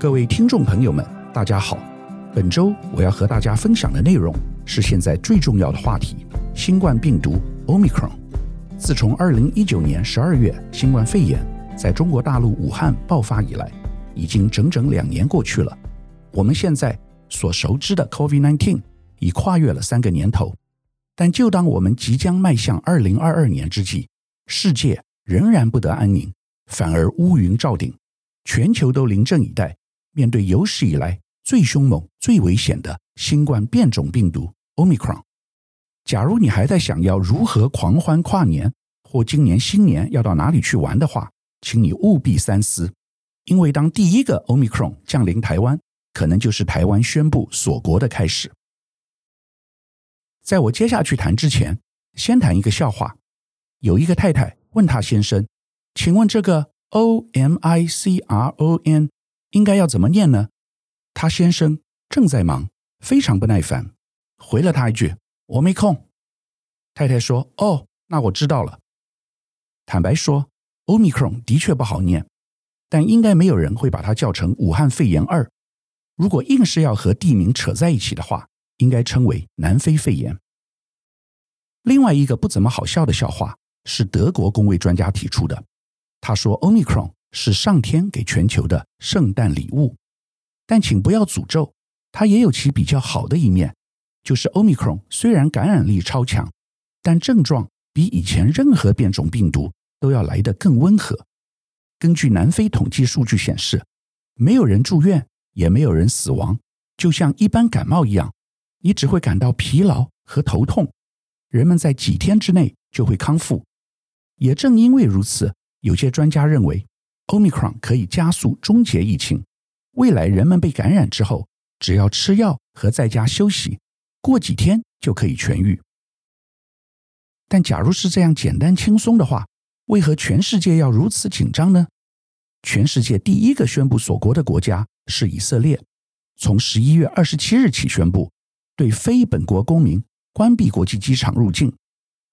各位聽眾朋友們，大家好。本周我要和大家分享的內容是現在最重要的話題——新冠病毒 Omicron。自從二零一九年十二月新冠肺炎在中國大陸武漢爆發以來，已經整整兩年過去了。我們現在所熟知的 COVID-19 已跨越了三個年頭，但就當我們即將邁向二零二二年之際，世界仍然不得安寧，反而烏雲罩頂，全球都臨陣以待。面對有史以來最兇猛、最危險的新冠變種病毒 Omicron，假如你還在想要如何狂歡跨年，或今年新年要到哪裡去玩的話，請你務必三思，因為當第一個 Omicron 降臨台灣，可能就是台灣宣布鎖國的開始。在我接下去談之前，先談一個笑話。有一個太太問她先生：“請問這個 O M I C R O N？” 應該要怎麼念呢？他先生正在忙，非常不耐煩，回了他一句：“我沒空。”太太說：“哦，那我知道了。”坦白說，Omicron 的確不好念，但應該沒有人會把它叫成“武漢肺炎二”。如果硬是要和地名扯在一起的話，應該稱為“南非肺炎”。另外一個不怎麼好笑的笑話是德國公衛專家提出的。他說：“Omicron。”是上天給全球的聖誕禮物，但請不要詛咒，它也有其比較好的一面，就是 Omicron 雖然感染力超強，但症狀比以前任何變種病毒都要來得更溫和。根據南非統計數據顯示，沒有人住院，也沒有人死亡，就像一般感冒一樣，你只會感到疲勞和頭痛，人們在幾天之內就會康復。也正因為如此，有些專家認為，Omicron 可以加速終結疫情。未來人們被感染之後，只要吃藥和在家休息，過幾天就可以痊癒。但假如是這樣簡單輕鬆的話，為何全世界要如此緊張呢？全世界第一個宣布鎖國的國家是以色列，從十一月二十七日起宣布對非本國公民關閉國際機場入境，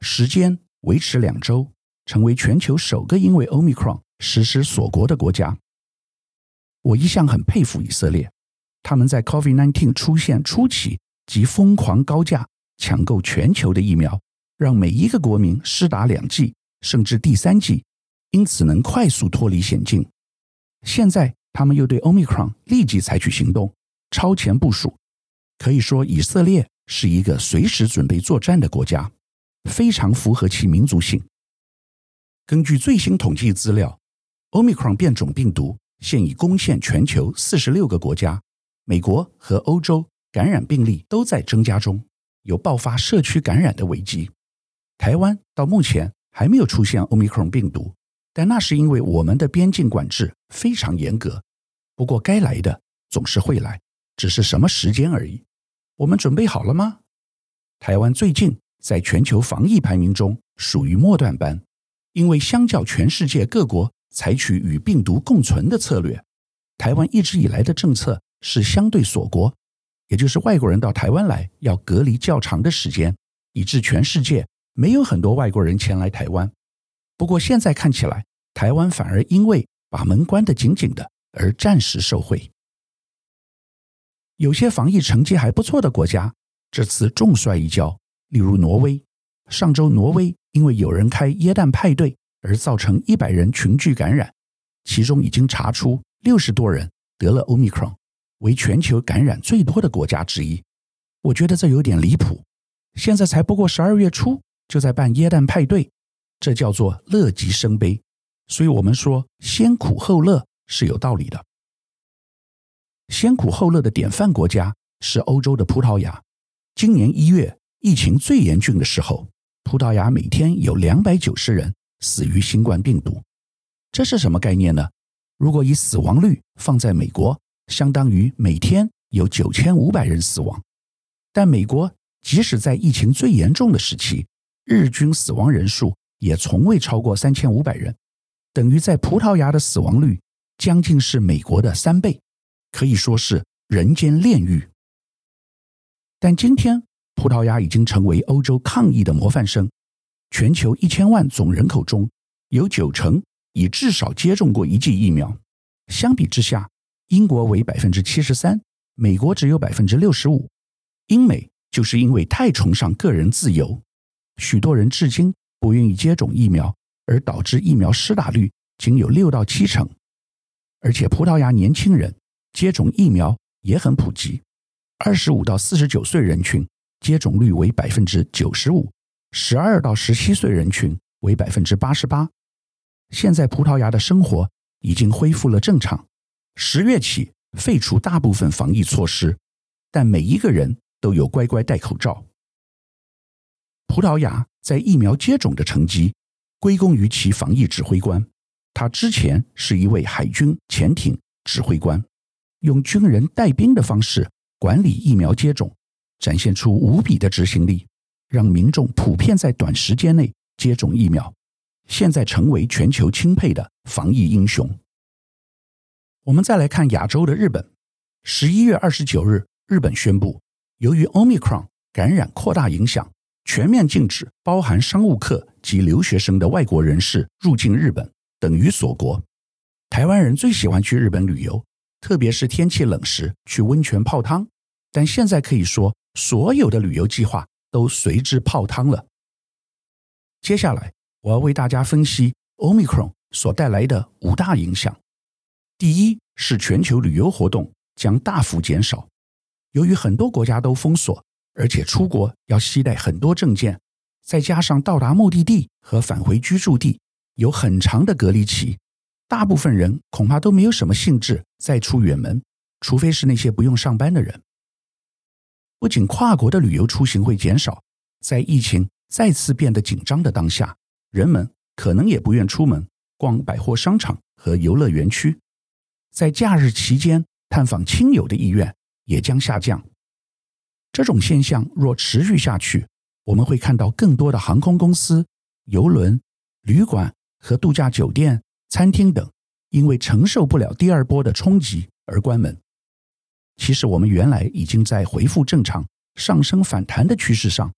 時間維持兩周，成為全球首個因為 Omicron。實施鎖國的國家，我一向很佩服以色列。他們在 COVID-19 出現初期即瘋狂高價搶購全球的疫苗，讓每一個國民施打兩劑甚至第三劑，因此能快速脫離險境。現在他們又對 Omicron 立即採取行動，超前部署。可以說，以色列是一個隨時準備作戰的國家，非常符合其民族性。根據最新統計資料，Omicron 變種病毒現已攻陷全球四十六個國家，美國和歐洲感染病例都在增加中，有爆發社區感染的危機。台灣到目前還沒有出現 Omicron 病毒，但那是因為我們的邊境管制非常嚴格。不過該來的總是會來，只是什麼時間而已。我們準備好了嗎？台灣最近在全球防疫排名中屬於末段班，因為相較全世界各國。採取與病毒共存的策略，台灣一直以來的政策是相對鎖國，也就是外國人到台灣來要隔離較長的時間，以致全世界沒有很多外國人前來台灣。不過現在看起來，台灣反而因為把門關得緊緊的而暫時受惠。有些防疫成績還不錯的國家，這次重摔一跤，例如挪威。上周挪威因為有人開耶誕派對。而造成一百人群聚感染，其中已經查出六十多人得了 Omicron，為全球感染最多的國家之一。我覺得這有點離譜。現在才不過十二月初，就在辦耶誕派對，這叫做樂極生悲。所以，我們說先苦後樂是有道理的。先苦後樂的典範國家是歐洲的葡萄牙。今年一月疫情最嚴峻的時候，葡萄牙每天有兩百九十人。死於新冠病毒，這是什麼概念呢？如果以死亡率放在美國，相當於每天有九千五百人死亡。但美國即使在疫情最嚴重的時期，日均死亡人數也從未超過三千五百人。等於在葡萄牙的死亡率將近是美國的三倍，可以說是人間煉獄。但今天，葡萄牙已經成為歐洲抗疫的模範生。全球一千萬總人口中有九成已至少接種過一劑疫苗。相比之下，英國為百分之七十三，美國只有百分之六十五。英美就是因為太崇尚個人自由，許多人至今不願意接種疫苗，而導致疫苗施打率僅有六到七成。而且，葡萄牙年輕人接種疫苗也很普及，二十五到四十九歲人群接種率為百分之九十五。十二到十七歲人群為百分之八十八。現在葡萄牙的生活已經恢復了正常，十月起廢除大部分防疫措施，但每一個人都有乖乖戴口罩。葡萄牙在疫苗接種的成績歸功於其防疫指揮官，他之前是一位海軍潛艇指揮官，用軍人帶兵的方式管理疫苗接種，展現出無比的執行力，讓民眾普遍在短時間內接種疫苗，現在成為全球欽佩的防疫英雄。我們再來看亞洲的日本，十一月二十九日，日本宣布由於 Omicron 感染擴大影響，全面禁止包含商務客及留學生的外國人士入境日本，等於鎖國。台灣人最喜歡去日本旅遊，特別是天氣冷時去溫泉泡湯，但現在可以說所有的旅遊計劃，都隨之泡湯了。接下來，我要為大家分析 Omicron 所帶來的五大影響。第一是全球旅遊活動將大幅減少，由於很多國家都封鎖，而且出國要攜帶很多證件，再加上到達目的地和返回居住地有很長的隔離期，大部分人恐怕都沒有什麼興致再出遠門，除非是那些不用上班的人。不僅跨國的旅遊出行會減少，在疫情再次變得緊張的當下，人們可能也不願出門逛百貨商場和遊樂園區，在假日期間探訪親友的意願也將下降。這種現象若持續下去，我們會看到更多的航空公司、郵輪、旅館和度假酒店、餐廳等因為承受不了第二波的衝擊而關門。其實我們原來已經在恢復正常上升反彈的趨勢上。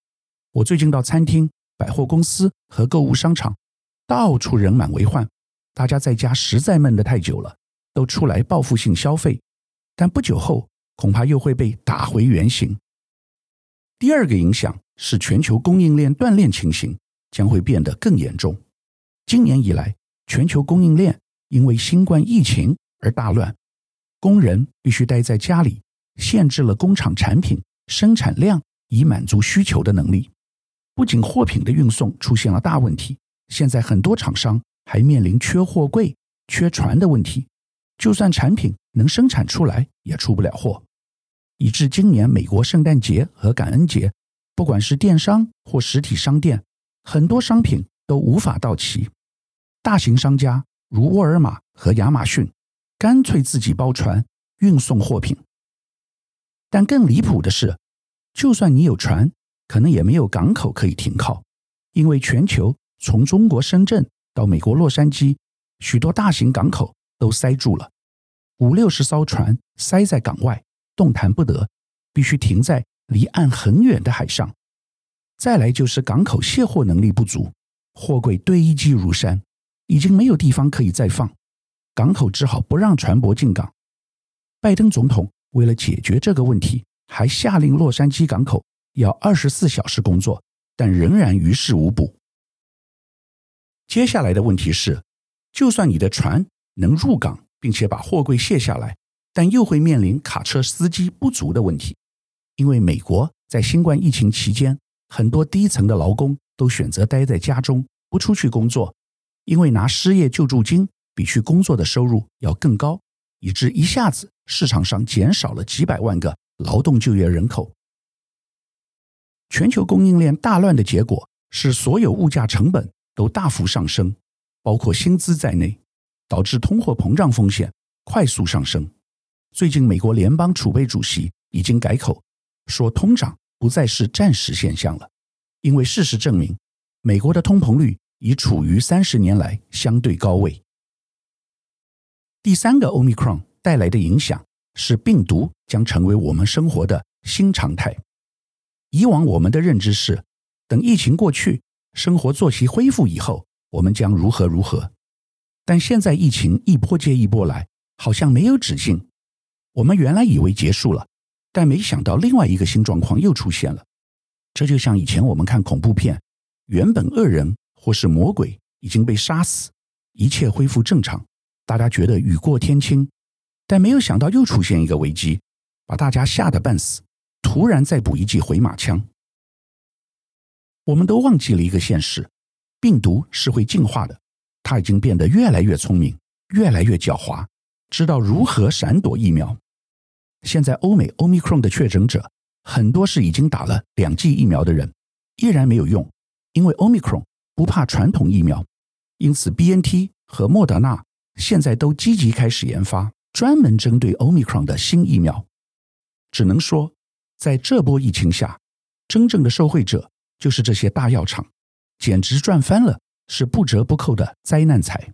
我最近到餐廳、百貨公司和購物商場，到處人滿為患。大家在家實在悶得太久了，都出來報復性消費，但不久後恐怕又會被打回原形。第二個影響是全球供應鏈斷裂情形將會變得更嚴重。今年以來，全球供應鏈因為新冠疫情而大亂。工人必須待在家裡，限制了工廠產品生產量以滿足需求的能力。不僅貨品的運送出現了大問題，現在很多廠商還面臨缺貨櫃、缺船的問題。就算產品能生產出來，也出不了貨，以至今年美國聖誕節和感恩節，不管是電商或實體商店，很多商品都無法到齊。大型商家如沃爾瑪和亞馬遜，乾脆自己包船運送貨品，但更離譜的是，就算你有船，可能也沒有港口可以停靠，因為全球從中國深圳到美國洛杉磯，許多大型港口都塞住了，五六十艘船塞在港外，動彈不得，必須停在離岸很遠的海上。再來就是港口卸貨能力不足，貨櫃堆積如山，已經沒有地方可以再放。港口只好不讓船舶進港。拜登總統為了解決這個問題，還下令洛杉磯港口要二十四小時工作，但仍然於事無補。接下來的問題是，就算你的船能入港並且把貨櫃卸下來，但又會面臨卡車司機不足的問題，因為美國在新冠疫情期間，很多低層的勞工都選擇待在家中不出去工作，因為拿失業救助金。比去工作的收入要更高，以致一下子市場上減少了幾百萬個勞動就業人口。全球供應鏈大亂的結果是，所有物價成本都大幅上升，包括薪資在內，導致通貨膨脹風險快速上升。最近，美國聯邦儲備主席已經改口說，通脹不再是暫時現象了，因為事實證明，美國的通膨率已處於三十年來相對高位。第三個 Omicron 帶來的影響是，病毒將成為我們生活的新常態。以往我們的認知是，等疫情過去，生活作息恢復以後，我們將如何如何。但現在疫情一波接一波來，好像沒有止境。我們原來以為結束了，但沒想到另外一個新狀況又出現了。這就像以前我們看恐怖片，原本惡人或是魔鬼已經被殺死，一切恢復正常。大家覺得雨過天青，但沒有想到又出現一個危機，把大家嚇得半死。突然再補一記回馬槍，我們都忘記了一個現實：病毒是會進化的，它已經變得越來越聰明，越來越狡猾，知道如何閃躲疫苗。現在歐美 Omicron 的確診者很多是已經打了兩劑疫苗的人，依然沒有用，因為 Omicron 不怕傳統疫苗，因此 BNT 和莫德納。現在都積極開始研發專門針對 Omicron 的新疫苗，只能說，在這波疫情下，真正的受惠者就是這些大藥廠，簡直賺翻了，是不折不扣的災難財。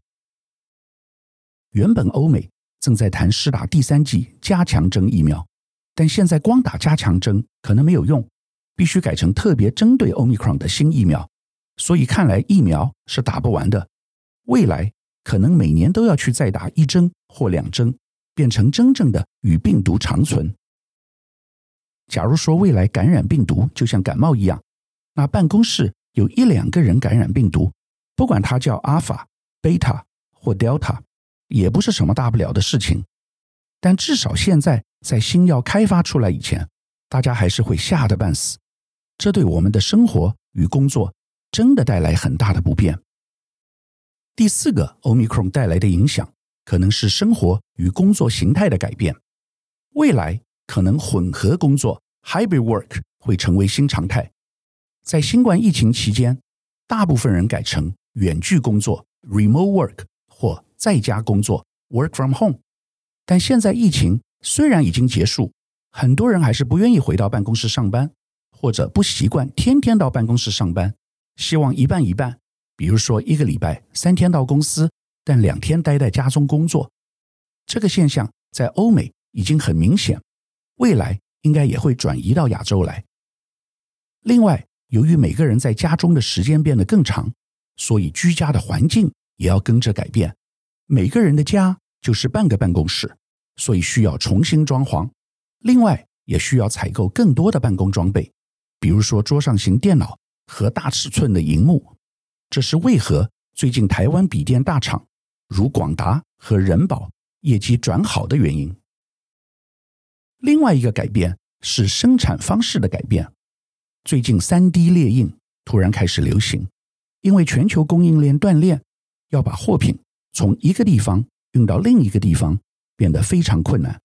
原本歐美正在談施打第三劑加強針疫苗，但現在光打加強針可能沒有用，必須改成特別針對 Omicron 的新疫苗，所以看來疫苗是打不完的，未來。可能每年都要去再打一針或兩針，變成真正的與病毒長存。假如說未來感染病毒就像感冒一樣，那辦公室有一兩個人感染病毒，不管它叫阿法、貝塔或 Delta，也不是什麼大不了的事情。但至少現在在新藥開發出來以前，大家還是會嚇得半死，這對我們的生活與工作真的帶來很大的不便。第四個，Omicron 帶來的影響可能是生活與工作形態的改變。未來可能混合工作 （hybrid work） 會成為新常態。在新冠疫情期間，大部分人改成遠距工作 （remote work） 或在家工作 （work from home）。但現在疫情雖然已經結束，很多人還是不願意回到辦公室上班，或者不習慣天天到辦公室上班，希望一半一半。比如說，一個禮拜三天到公司，但兩天待在家中工作，這個現象在歐美已經很明顯，未來應該也會轉移到亞洲來。另外，由於每個人在家中的時間變得更長，所以居家的環境也要跟着改變。每個人的家就是半個辦公室，所以需要重新裝潢，另外也需要採購更多的辦公裝備，比如說桌上型電腦和大尺寸的熒幕。這是為何最近台灣筆電大廠如廣達和仁寶業績轉好的原因。另外一個改變是生產方式的改變。最近三 D 列印突然開始流行，因為全球供應鏈斷裂，要把貨品從一個地方運到另一個地方變得非常困難，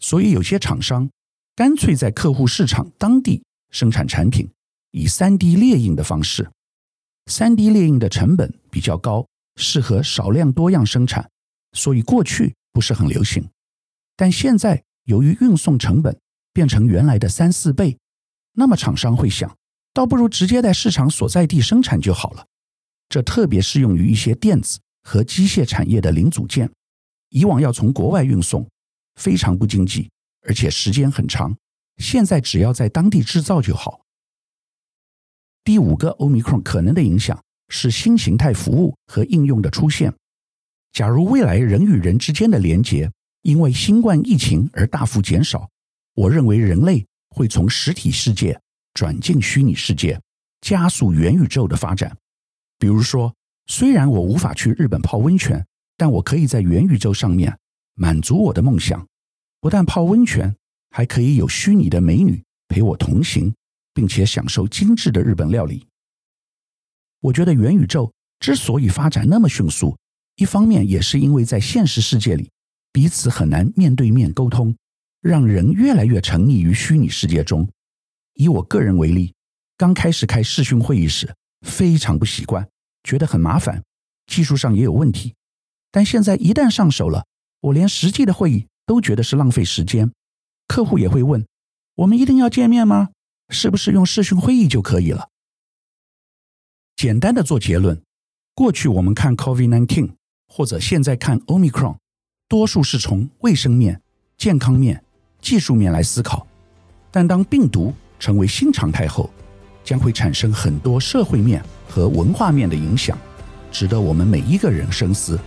所以有些廠商乾脆在客戶市場當地生產產品，以三 D 列印的方式。3D 列印的成本比較高，適合少量多樣生產，所以過去不是很流行。但現在由於運送成本變成原來的三四倍，那麼廠商會想，倒不如直接在市場所在地生產就好了。這特別適用於一些電子和機械產業的零組件，以往要從國外運送，非常不經濟，而且時間很長，現在只要在當地制造就好。第五個歐米 n 可能的影響是新形態服務和應用的出現。假如未來人與人之間的連接因為新冠疫情而大幅減少，我認為人類會從實體世界轉進虛擬世界，加速元宇宙的發展。比如說，雖然我無法去日本泡溫泉，但我可以在元宇宙上面滿足我的夢想，不但泡溫泉，還可以有虛擬的美女陪我同行。並且享受精緻的日本料理。我覺得元宇宙之所以發展那麼迅速，一方面也是因為在現實世界裡彼此很難面對面溝通，讓人越來越沉溺於虛擬世界中。以我個人為例，剛開始開視訊會議時非常不習慣，覺得很麻煩，技術上也有問題。但現在一旦上手了，我連實際的會議都覺得是浪費時間。客戶也會問：“我們一定要見面嗎？”是不是用視訊會議就可以了？簡單的做結論，過去我們看 COVID-19 或者現在看 Omicron，多數是從衛生面、健康面、技術面來思考。但當病毒成為新常態後，將會產生很多社會面和文化面的影響，值得我們每一個人深思。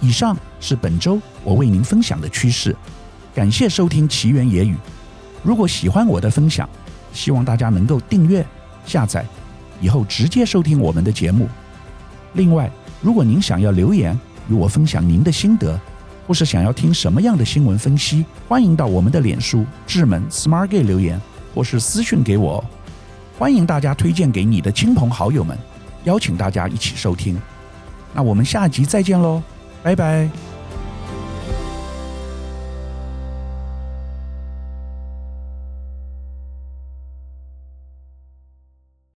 以上是本周我為您分享的趨勢，感謝收聽奇緣野語。如果喜歡我的分享，希望大家能夠訂閱、下載，以後直接收聽我們的節目。另外，如果您想要留言與我分享您的心得，或是想要聽什麼樣的新聞分析，歡迎到我們的臉書智門 SmartGate 留言，或是私訊給我。歡迎大家推薦給你的親朋好友們，邀請大家一起收聽。那我們下集再見嘍，拜拜。